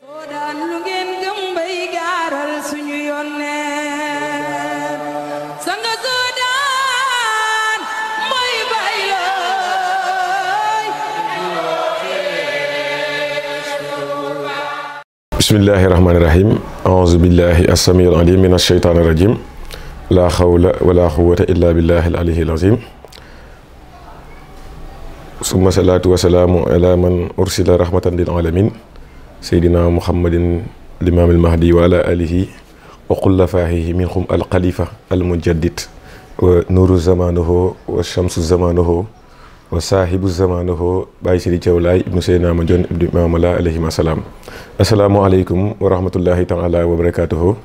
بسم الله الرحمن الرحيم أعوذ بالله السميع العليم من الشيطان الرجيم لا حول ولا قوة إلا بالله العلي العظيم ثم صلاة وسلام على من أرسل رحمة للعالمين سيدنا محمد الإمام المهدي وعلى آله وقل فاهيه منكم الخليفة المجدد ونور زمانه والشمس زمانه وصاحب زمانه باي سيدي جولاي ابن سيدنا مجون ابن إمام الله عليه السلام السلام عليكم ورحمة الله تعالى وبركاته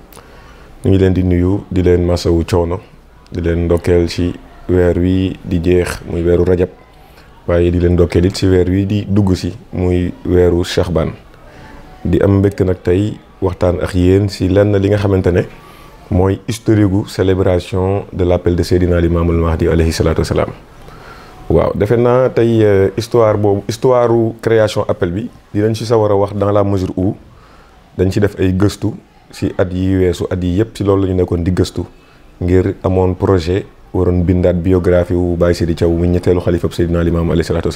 ñu ngi دي نيو دي di leen masawu دي di leen ndokkeel ci weer دي جيخ jeex ويرو رجب rajab waaye di leen ndokkeel it ci weer wi di dugg si muy weeru Shahban di am mbégte nag tey waxtaan ak yéen si lenn li nga xamante ne mooy historique gu célébration de l' appel de Seydina Limaamul Mahdi alayhi salaatu wasalaam waaw defe naa tey euh, histoire boobu histoire création appel bi dinañ si sawar a wax dans la mesure u dañ si def ay gëstu si at yi weesu at yi yëpp si loolu la ñu nekkoon di gëstu ngir amoon projet waroon bindaat biographie wu Baye Seydi Thiaw mu ñetteelu xalifab Seydina Limaam alayhi salaatu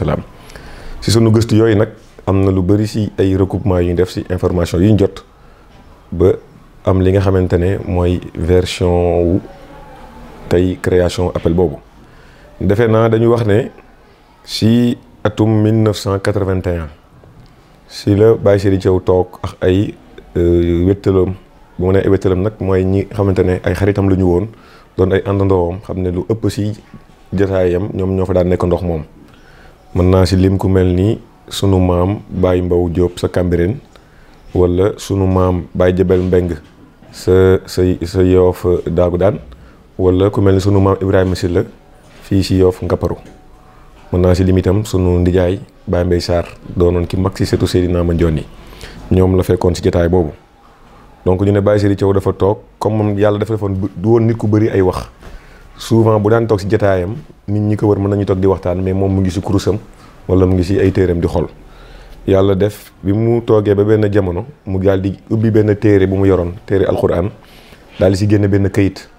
si sunu gëstu yooyu nag am na lu bëri si ay recoupement yu ñu def si information yu ñu jot ba am li nga xamante ne mooy version wu tey création appel boobu defe naa dañu wax ne si atum 1981 si la Baye Serigne Thiaw toog ak ay euh, wéttalam bu ma nee wéttalam nag mooy ñi xamante ne ay xaritam la ñu woon doon ay àndandoowam xam ne lu ëpp si jotaayam ñoom ñoo fa daan nekk ndox moom mën naa lim ku melni ni sunu mam Baye Mbaw job sa Cambérène wala sunu mam Baye jebel Mbeng sa sa sa yof dagudan wala ku melni sunu mam ibrahim sile fi ci yof Ngaparu mën naa si sunu ndijay Baye Mbay Sarr doonoon ki maxi setu sayidina ma joni ñom la fekkon ci jotaay bobu donc ñu ne Baye Seydi ciow dafa tok comme moom dafa defon du won nit ku bëri ay wax souvent bu daan tok ci jotaayam nit ñi ko wër mëna ñu tok di waxtaan mais mom mu ngi ci kurusam wala mu ngi ci ay téréem di xol yalla def bi mu toggé ba ben jamono mu daal di ubbi ben téré bu mu yoron téré alquran dal di ci génné ben kayit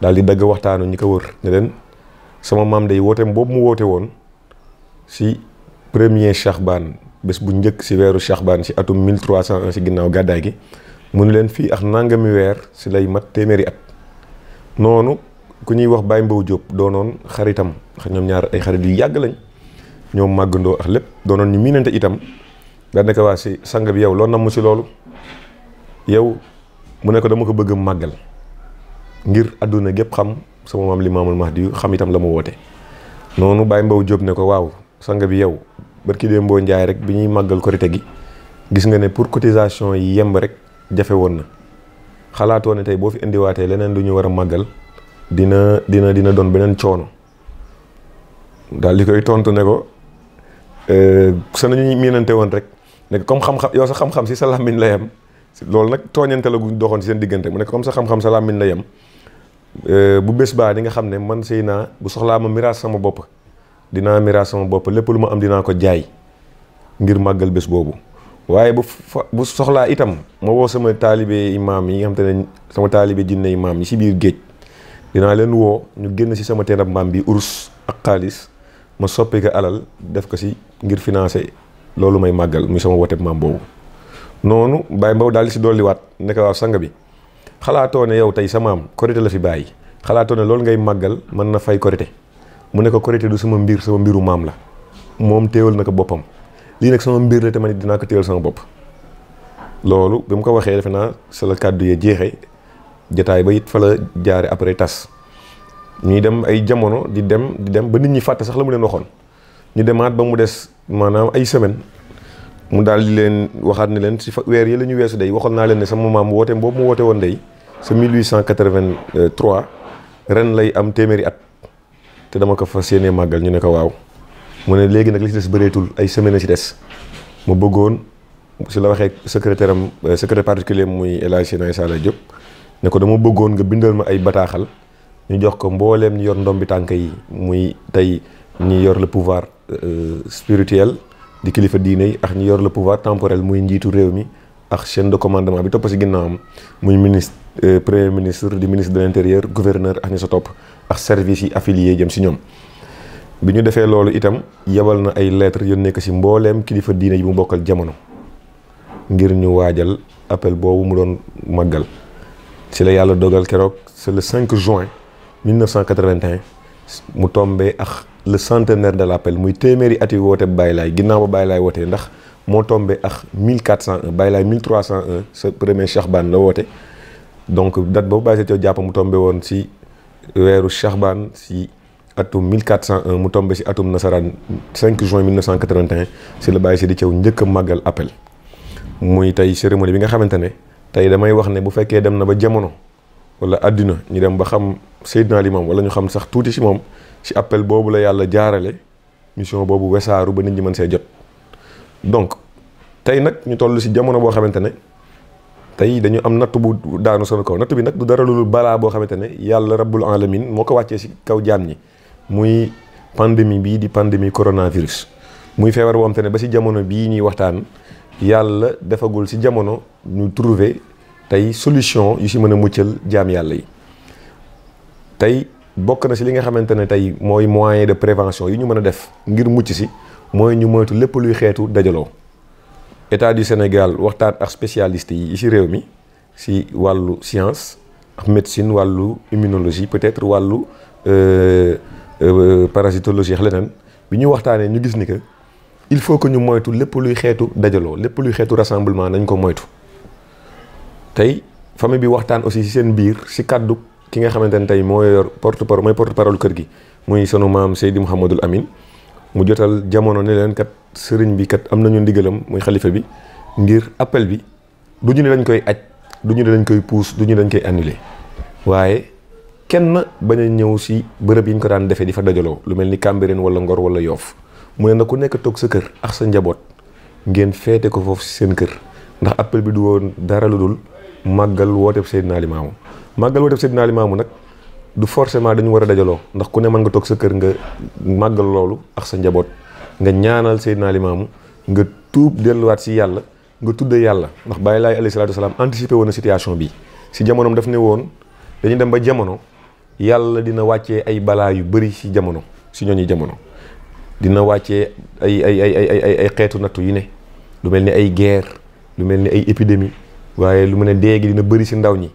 dal di dagg waxtaanu ñi ko wër ne len sama mam day wooteem mbob mu wote won si premier chahban bes bu ñëk si wéru chahban si atum 1301 si ginnaw gàddaay gi mu ñu len fi ak nangami wér ci lay mat téméri at nonu ku ñuy wax Baye Mbow Diop doonoon xaritam ñoom ñaar ay xarit yu yàgg lañ ñoom màggandoo ak lépp doonoon ñu miinante itam daan ne ko waa si sang bi yow loo namm si loolu yow mu ne ko dama ko bëgg màggal ngir àdduna gépp xam sama maam Limaamul Mahdi xam itam la mu woote noonu Baye Mbow ne ko waaw sang bi yow barki dee mboo njaay rek bi ñuy màggal korite gi gis nga ne pour cotisation yi yemb rek jafe woon na xalaatoo ne tey boo fi indiwaatee leneen lu ñu war a màggal dina dina dina doon beneen coono daal di koy tontu ne ko eh, sa nañu miinante woon rek nekk comme xam-xam yow sa xam-xam si sa làmmiñ la yem loolu nag tooñante la gu doxoon seen diggante mu ne ko sa xam-xam sa làmmiñ la yem eh, bu bés baa di nga xam ne man sëy naa bu soxlaa ma miraas sama bopp dinaa miraas sama bopp lépp lu ma am dinaa ko jaay ngir màggal bés boobu waaye bu bu soxlaa itam ma woo sama taalibe imaam yi nga xam te ne sama taalibe jinne imaam yi si biir géej dinaa leen woo ñu génn si sama teenab mbaam bi urus ak xaalis ma soppi ko alal def ko si ngir financer loolu may màggal muy sama wooteb maam boobu noonu Baye Mbow daal di ci dolliwaat ne ko waaw sang bi xalaatoo ne yow tey sa maam korité la fi bàyyi xalaatoo ne loolu ngay màggal mën na fay korité mu ne ko korité du sama mbir sama mbiru maam la moom téewal na ko boppam lii nag sama mbir la te man dinaa ko téewal sama bopp loolu bi mu ko waxee defe naa sa kàddu yee jeexee jataay ba it fa la jaare après tas ñuy dem ay jamono di dem di dem ba nit ñi fàtte sax la mu leen waxoon ñu demaat ba mu des maanaam ay semaine mu daal di leen waxaat ne leen si fa weer yi la ñu weesu day waxoon naa leen ne sama maam woote boobu mu woote woon day sa 1883 ren lay am téeméeri at te dama ko fas yéenee màggal ñu ne ko waaw mu ne léegi nag li ci des bëreetul ay semaine ci des mu bëggoon si la waxee secrétaire am euh, secrétaire particulier muy El Hadj Sinaay Sala Diop ne dama bëggoon nga bindal ma ay bataaxal ñu jox ko mbooleem ñu yor ndombi tànk yi muy tey ñi yor le pouvoir euh, spirituel di kilifa diine yi ak ñi yor la pouvoir temporel muy njiitu réew mi ak chaîne de commandement bi topp si ginnaawam muy ministre euh, premier ministre di ministre de l'intérieur gouverneur ak ñi sa topp ak services yi affiliés jëm si ñoom. bi ñu defee loolu itam yebal na ay lettres yónnee nekk si mbooleem kilifa diine yi mu bokkal jamono ngir ñu waajal appel boobu mu doon màggal. C'est le Yalla dogal Kérok, c'est le 5 juin 1981 mu tombé ak le centenaire de l'appel muy téméri ati yi baylay, ginnaw baylay ginnaaw ndax mo tombé ak 1401 baylay 1301 ce premier Chahban la woote donc date boobu Baye Satio japp mu tombé woon si weeru Chahban si atum 1401 mu tombé si atum Nasaran 5 juin 1981 c'est le Baye ci Thiaw njëkk a magal appel muy tay cérémonie bi nga xamante tey damay wax ne bu fekkee dem na ba jamono wala àddina ñu dem ba xam Seydina Limam wala ñu xam sax tuuti si moom si appel boobu la yàlla jaarale mission boobu wesaaru ba nit ñi mën see jot donc tey nag ñu toll si jamono boo xamante ne tey dañu am natt bu daanu sunu kaw natt bi nag du dara lu balaa boo xamante ne yàlla rabbul alamin moo ko wàccee si kaw jaam ñi muy pandémie bii di pandémie coronavirus muy feebar boo xamante ne ba si jamono bii ñuy waxtaan Yalla defagul ci jamono ñu trouver tay solution yu ci mëna muccël muccal Yalla yi tay bokk na ci li nga xamantene tay moy moyen de prévention yu ñu mëna def ngir mucc ci moy ñu moytu lepp luy xétu dajalo état du Sénégal waxtaan ak spécialistes yi ci réew mi ci walu science ak médecine walu immunologie peut-être euh, euh parasitologie ak bi ñu waxtaanee ñu gis ni que. il faut que ñu moytu lepp luy xeetu dajalo lepp luy xeetu rassemblement nañ ko moytu tay famille bi waxtaan aussi ci seen biir ci kaddu ki nga xamantene tay moy porte parole moy porte parole kër gi muy sunu mam Seydi Mouhamadul Amin mu jotal jamono ne len kat serigne bi kat amna ñu ndigalam muy bi ngir appel bi du ñu ne lañ koy acc du ñu ne lañ koy pousse du ñu dañ koy annuler waye kenn baña ñew ci bërepp yi ñu ko daan di fa lu melni wala Ngor wala Yoff mu ne na ku nekk toog sa keur ak sa njabot ngeen feete ko foofu ci seen keur ndax appel bi du won dara magal wote màggal wooteeb Seydina magal wote wooteeb Seydina Limaamu nak du forcément dañu wara dajalo ndax ku ne man nga tok sa keur nga magal lolu ak sa njabot nga ñaanal Seydina Limaamu nga tuub wat ci yalla nga tudde yalla ndax baye lay ali sallallahu alayhi woon na situation bi ci jamonoom daf ne won dañu dem ba jamono yalla dina wacce ay bala yu bëri ci jamono ci ñoni jamono dina wàccee ay ay ay ay ay ay xeetu nattu yu ne lu mel ni ay guerre lu mel ni ay épidémie waaye lu mu ne dee dina bëri si ndaw ñi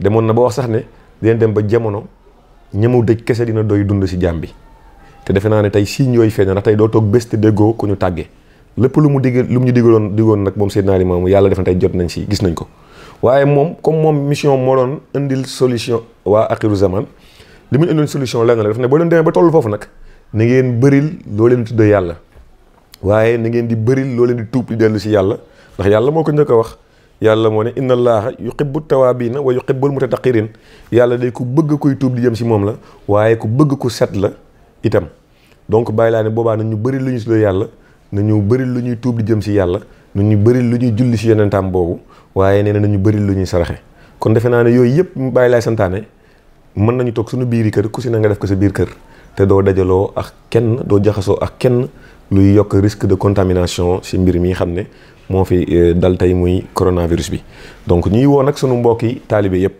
demoon na ba wax sax ne dina dem ba jamono ñëmu dëj kese dina doy dund si jàmm bi te defe naa ne tey signes yooyu feeñ na ndax tey doo toog bés te déggoo ku ñu tàggee lépp lu mu digg lu mu ñu digaloon diggoon nag moom Seydina Ali moomu yàlla def na tey jot nañ si gis nañ ko waaye moom comme moom mission moo doon indil solution waa axiru zaman li mu indil solution lenn la daf ne boo ba tollu foofu nag na ngeen bëril loo leen tuddee yàlla waaye na ngeen di bëril loo leen di tuub di dellu si yàlla ndax yàlla moo ko njëkk a wax yàlla moo ne yu inna allaha yuhibbu tawaabiina wa yuhibbul mutataqirin yàlla day ku bëgg kuy tuub di jëm si moom la waaye ku bëgg ku set la itam donc bàyyi laa ne boobaa na ñu bëri lu ñu tuddee yàlla na ñu bëri lu ñuy tuub di jëm si yàlla na ñu bëri lu ñuy julli si yonentaam boobu waaye nee na ñu bëri lu ñuy saraxe kon defe naa ne yooyu yëpp bàyyi laay santaane mën nañu toog suñu biiri kër ku si na nga def ko sa biir kër te doo dajaloo ak kenn doo jaxasoo ak kenn luy yokk risque de contamination ci mbir mi xam ne moo fi euh, dal tey muy coronavirus bi donc ñuy woo nag sunu mbokki taalibe yépp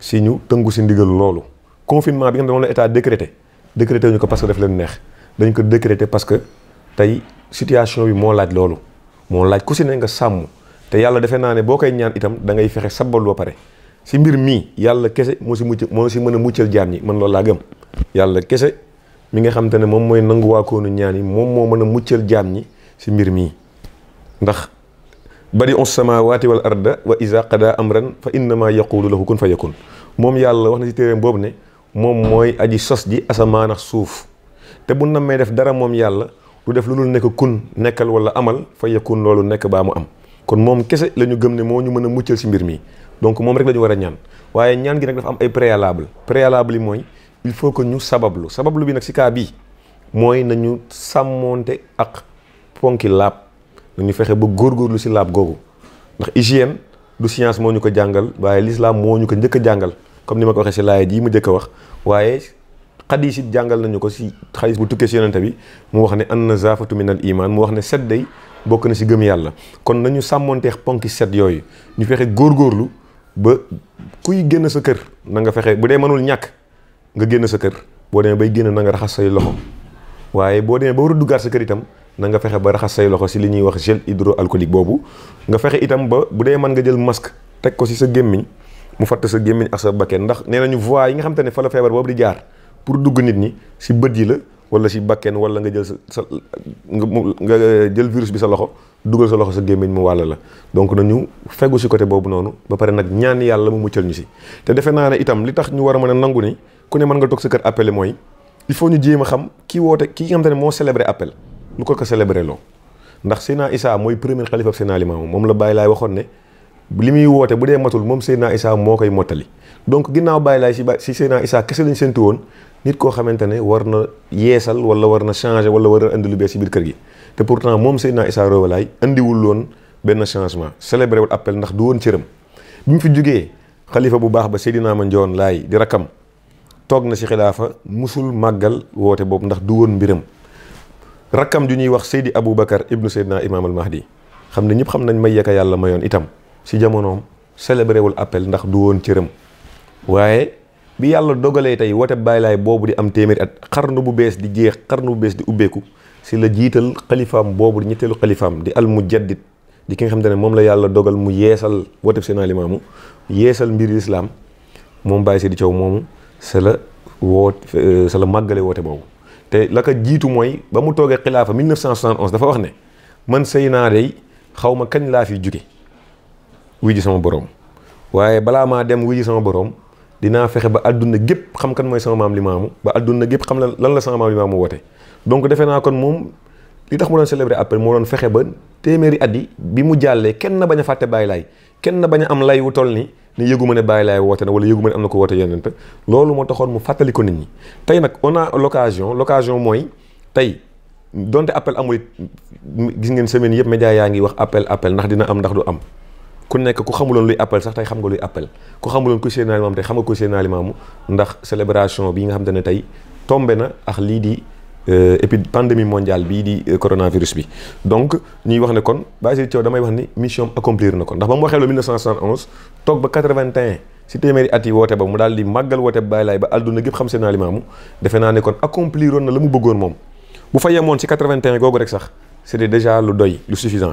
si ñu tëngu si ndigal loolu confinement bi nga xam ne état décrété décrété wuñu ko parce que daf leen neex dañ ko décrété parce que tey situation bi moo laaj loolu moo laaj ku si ne nga sàmm te yàlla defe naa ne boo koy ñaan itam da ngay fexe sabbal ba pare si mbir mii yàlla kese moo si mucc moo si mën a muccal jaam ñi man loolu laa gëm yàlla kese mi nga xamante ne moom mooy nangu nu ñaan yi mom mo meuna muccel jamm ñi mbir mi ndax bari us samawati wal arda wa iza qada amran fa ma yaqulu lahu kun fa mom yalla wax na ci téeréem bob ne mom moy aji sos ji asamaan ak suuf te bu namay def dara mom yalla du def lulul nek kun nekkal wala amal fa yakun loolu nekk mu am kon mom kesse la gëm ne mo ñu meuna muccel ci mbir mi donc mom rek lañu wara ñaan waye ñaan gi nak dafa am ay préalable préalable moy il faut que ñu sabablu sabablu bi nag si kaa bii mooy nañu sàmmoonte ak ponki laab nañu fexe ba góorgóorlu si laab googu ndax hygiène du moo ñu ko jàngal waaye l'islam moo ñu ko njëkk a jàngal comme ni ma ko waxee si laaya jii mu njëkk a wax waaye xadiis it jàngal nañu ko si xadiis bu tukkee wax ne an nazaafatu min al iman mu wax ne set bokk na si gëm yàlla kon nañu sàmmoonteex ponki set yooyu ñu fexe góor góorlu ba kuy génn sa kër na nga fexe bu dee manul ñàkk nga génn sa kër boo demee bay génn na nga raxas say loxo waaye boo demee ba war a sa kër itam na nga fexe ba raxas say loxo si li ñuy wax gel hydroalcoolique boobu nga fexe itam ba bu dee man nga jël masque teg ko si sa gémmiñ mu fàtt sa gémmiñ ak sa bakken ndax nee nañu voie yi nga xam te ne fa la feebar boobu di jaar pour dugg nit ñi si bët yi la wala si bakken wala nga jël sa sa nga jël virus bi sa loxo dugal sa loxo sa gémmiñ mu wàll la donc nañu fegu si côté boobu noonu ba pare nag ñaan yàlla mu muccal ñu si te defe naa ne itam li tax ñu war a mën a nangu ni ku ne mën nga toog sa kër appelé mooy il faut ñu jéem a xam ki woote ki nga xam te moo célébré appel lu ko ko célébré loo ndax Seydina Issa mooy premier xalifa Seydina moom la bàyyi Laay waxoon ne li muy woote bu dee matul moom Seydina Issa moo koy mottali donc ginnaaw Baye Laay si ba si Seydina Issa kese lañ séntu woon nit koo xamante ne war na yeesal wala war na changer wala war na indi lu bees si biir kër gi te pourtant moom Seydina Issa Rohou laay andiwul woon benn changement célébré appel ndax du woon cëram bi mu fi jógee xalifa bu baax ba Seydina Mandione Laye di rakam toog na ci xilaafa musul màggal woote boobu ndax du woon mbiram rakkam ju ñuy wax Seydi Aboubacar ibnu Seydina Imaam al Mahdi xam ne ñëpp xam nañ may yekka yàlla mayoon itam ci jamonoom célébré appel ndax du woon cëram waaye bi yàlla dogalee tey woote bàyyi laay boobu di am téeméeri at xarnu bu bees di jeex xarnu bu bees di ubbeeku si la jital khalifam bobu ñettelu khalifam di al mujaddid di ki nga xamante ne moom la yàlla dogal mu yeesal wooteb seen alimaamu yeesal mbir islam mom Baye Seydi ciow mom c'est la woot c'est la magale wote bobu te la ka jitu moy ba mu toge khilafa 1971 dafa wax ne man sayna day xawma ma kañ laa fi jóge wuy ji sama borom waye bala ma dem wuy ji sama borom dinaa fexe ba àdduna gépp xam kan mooy sama maam limaamu ba àdduna gépp xam lan la sama maam limaamu woote donc defe naa kon moom li tax mu doon célébré après moo doon fexe ba téeméeri at yi bi mu jàllee kenn na bañ a fàtte bàyyi laay kenn na bañ a am lay wu toll ni ni yëgu ma ne bàyyi laay woote na wala yëgu ma ne am na ko woote yeneen te loolu moo taxoon mu fàttali ko nit ñi tey nag on a l'occasion l'occasion mooy tey donte appel amul gis ngeen semaine yëpp média yaa ngi wax appel appel ndax dina am ndax du am ku nekk ku xamuloon luy appel sax tey xam nga luy appel ku xamuloon ku seen alimaamu tey xam nga ku seen alimaamu ndax célébration bi nga xam te ne tey tombé na ak lii di et puis pandémie mondiale bii di coronavirus bi donc ñuy wax ne kon basir thiow damay wax ni mission accomplir na kon ndax ba mu waxee loolu 1971 toog ba 81 si téeméeri at yi woote ba mu daal di màggal woote Baye Laye ba àdduna gépp xam seen alimaamu defe naa ne kon accomplir na la mu bëggoon moom bu fa yemoon si 81 googu rek sax c' est déjà lu doy lu suffisant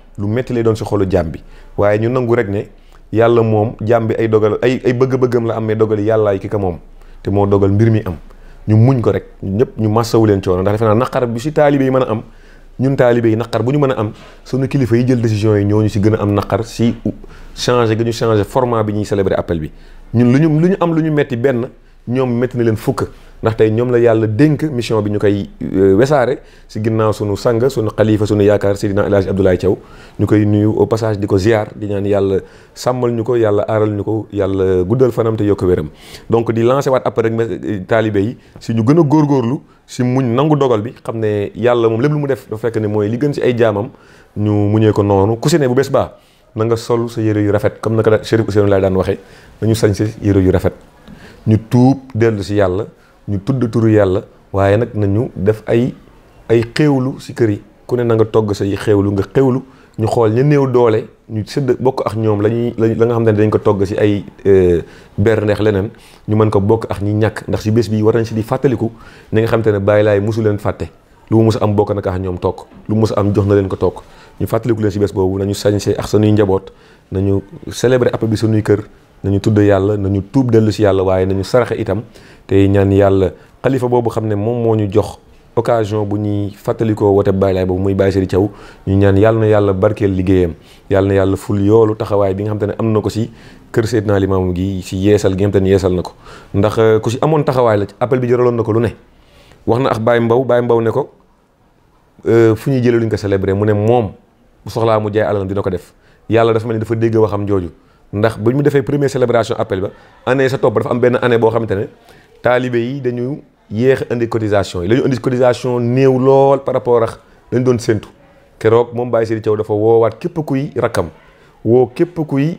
lu métti lay doon si xolu jaam bi waaye ñu nangu rek ne yàlla moom jaam bi ay dogal ay ay bëgg-bëggam la am mais dogal yàllaay ki ka moom te moo dogal mbir mi am ñu muñ ko rek ñëpp ñu massawu leen coono ndax defe naa naqar bu si taalibe yi mën a am ñun taalibe yi naqar bu ñu mën a am sunu kilifa yi jël décision yi ñoo ñu si gën a am naqar si changé gi ñu changé format bi ñuy célébrer appel bi ñu lu ñu lu ñu am lu ñu métti benn ñoom métti na leen fukk ndax ñoom la yàlla dénk mission bi ñu koy euh, wesaare si ginnaaw sunu sang sunu xalifa sunu yaakaar Seydina El Hadj Abdoulaye Thiaw ñu koy nuyu au passage di ko ziar di ñaan yàlla sàmmal ñu ko yàlla aaral ñu ko yàlla guddal fanam te yokk wéram donc di lancé waat après rek euh, taalibe yi si ñu gën a góorgóorlu si muñ nangu dogal bi xam ne yàlla moom lépp lu mu def dafa fekk ne mooy li gën si ay jaamam ñu muñee ko noonu ku si bu bés baa na nga sol sa yére yu rafet comme naka Chérif Ousseynou laay daan waxee nañu sañse yére yu rafet ñu tuub dellu si yàlla ñu tudd turu yàlla waaye nag nañu def ay ay xéewlu si kër yi ku ne na nga togg say xewlu nga xéewlu ñu xool ñu néew doole ñu sëdd bokk ak ñoom lañuy la nga xam ne dañ ko togg si ay euh, ber neex leneen ñu mën ko bokk ak ñi ñàkk ndax si bés bi war nañ si di fàttaliku ñi nga xam te ne bàyyi laay mosu leen fàtte lu mu mos am bokk na ak ñoom toog lu mu mos am jox na leen ko toog ñu fàttaliku leen si bés boobu nañu sañse ak sunuy njaboot nañu célébrer appel bi sunuy kër nañu tudd yàlla nañu tuub dellu si yàlla waaye nañu saraxe itam te ñaan yàlla xalifa boobu xam ne moom moo ñu jox occasion bu ñuy fàttalikoo wote Baye Laye boobu muy Baye Sëri Thiaw ñu ñaan yàlla na yàlla barkeel liggéeyam yàlla na yàlla ful yoolu taxawaay bi nga xam ne na ko si kër Seydina Limaamu gi si yeesal gi nga xam ne yeesal na ko ndax euh, ku si amoon taxawaay la appel bi jëraloon na ko lu ne wax na ak Baye Mbaw Baye Mbaw ne ko euh, fu ñuy jëlee luñ ko célébré mu ne moom bu soxlaa mu jaay alalam dina ko def yàlla dafa mel dafa dégg waxam jooju ndax bu ñu defee première célébration appel ba année sa topp dafa am benn année boo xamante ne taalibe yi dañu yéex indi cotisation yi la indi cotisation néew lool par rapport ak dañ doon séntu keroog moom Baye Seydi Thiaw dafa woowaat képp kuy rakkam woo képp kuy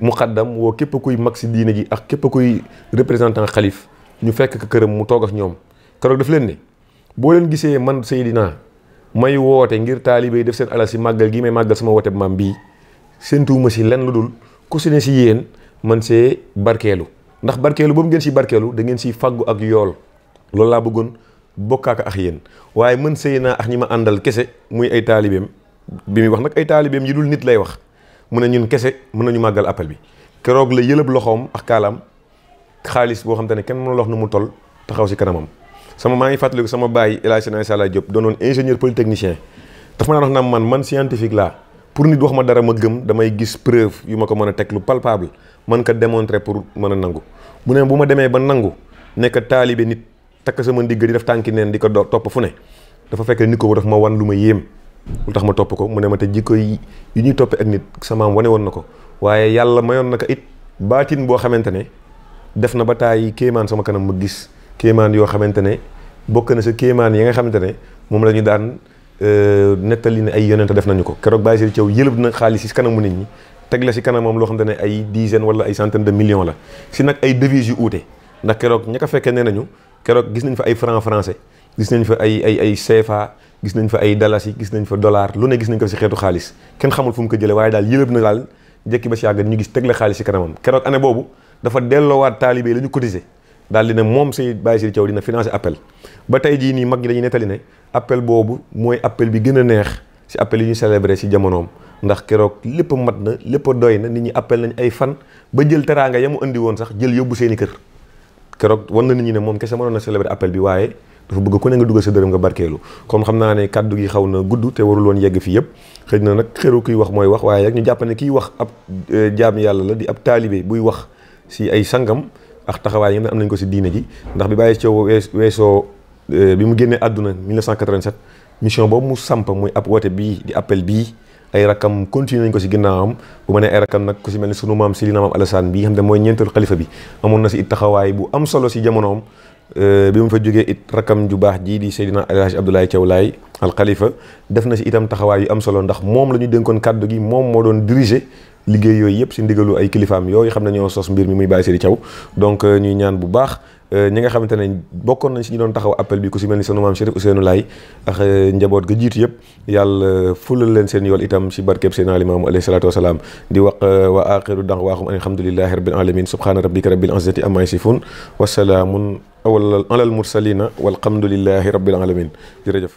muqaddam woo képp kuy mag si diine ji ak képp kuy représentant xalif ñu fekk këram mu toog ak ñoom keroog daf leen ne boo leen gisee man Seydina may woote ngir taalibe yi def seen alal si màggal gi may màggal sama woote maam bii séntuwuma si lenn lu dul ku si ne si yéen man see barkelu ndax barkelu boobu gën si barkelu da ngeen si faggu ak yool lool la bëggoon bokka ak na waaye man sëy ak ñima andal kesse kese muy ay talibem bi mi wax nak ay talibem yi dul nit lay wax mu ne ñun kese ne ñu magal appel bi keroog la yeleb loxom ak kalam xaalis bo xam kenn nu mu toll taxaw si kanamam sama maangi ngi sama baye El sina Sala job, donon ingénieur polytechnicien daf ma wax na man man scientifique la pour nit wax ma dara ma gëm damay gis preuve yu ma ko mën a lu palpable man ka démontrer pour mëna nangu mune buma démé ba nangu nek talibé nit tak sama ndigg di def tanki nen diko ko topp fu ne dafa fekk nit ko daf ma wan luma yem lu tax ma top ko mune ma te jikko yi ñi top ak nit sama wane woon na ko waaye it batin buah xamantene def na keman taay sama kanam ma gis kéemaan yo xamantene bokk na sa kéemaan yi nga xamantene mom lañu daan Euh, nettali ne ay yonent def nañu ko keroog bàyyi si caw yëlëb na xaalis si kanamu nit ñi teg la si kanamam loo xam ne ay dizaine wala ay centaine de millions la si nag ay devises yu uute ndax keroog ña ko fekkee nañu keroog gis nañ fa ay franc français gis nañ fa ay ay ay CFA gis nañ fa ay dalasi gis nañ fa dollar lu ne gis nañ ko si xeetu xaalis kenn xamul fu mu ko jëlee waaye daal yëlëb na daal jekki ba si yàgg ñu gis teg la xaalis si kanamam keroog année boobu dafa delloowaat taalibe la ñu cotisé daal di ne moom si Baye Sidi Thiaw financé appel ba tey jii nii mag ñi nettali ne appel boobu mooy appel bi gën a neex si appel yi ñu célébré si jamonoom ndax keroog lépp mat na lépp a doy na nit ñi appel nañ ay fan ba jël teraanga ya mu indi woon sax jël yóbbu seeni kër keroog wan na nit ñi ne moom kese mënoon na célébré appel bi waaye dafa bëgg ko ne nga dugal sa dërëm nga barkeelu kon xam naa ne kàddu gi xaw na gudd te warul woon yegg fii yëpp xëy na nag xëru kiy wax mooy wax waaye rek ñu jàpp ne kiy wax ab eh, jaam yàlla la di ab taalibe buy wax si ay sangam ak taxawaay yi nga am nañ ko si diine ji ndax bi bàyyi coow weesoo euh, bi mu génnee àdduna 1987 mission boobu mu samp muy ab woote bii di appel bii ay rakam continué nañ ko si ginnaawam bu ma nee ay rakam nag ku si mel ni sunu maam si li na maam Alassane bii nga xam ne mooy ñeenteelu xalifa bi amoon na si it taxawaay bu am solo si jamonoom euh, bi mu fa jógee it rakam ju baax jii di Seydina El Hadj Abdoulaye Thiaw Laye al xalifa def na si itam taxawaay yu am solo ndax moom la ñu dénkoon kàddu moom moo doon diriger liggéey yooyu yëpp si ndigalu ay kilifaam yooyu xam ne ñoo sos mbir mi muy bàyyi Seydi Thiaw donc euh, ñuy ñaan bu baax euh, ñi nga xamante ne bokkoon nañ si ñu doon taxaw appel bi ku si mel ni sunu maam Chérif Ousseynou Laye ak euh, njaboot ga jiitu yàlla fulal leen seen yool itam si barkeb seen alimaamu alayhi salaatu wasalaam di wax wa axiru da'waahum alhamdulillahi rabbil alamin subhaana rabbika rabbil izzati amma yasifun wasalaamun alal mursalina walhamdulillahi rabbil alamin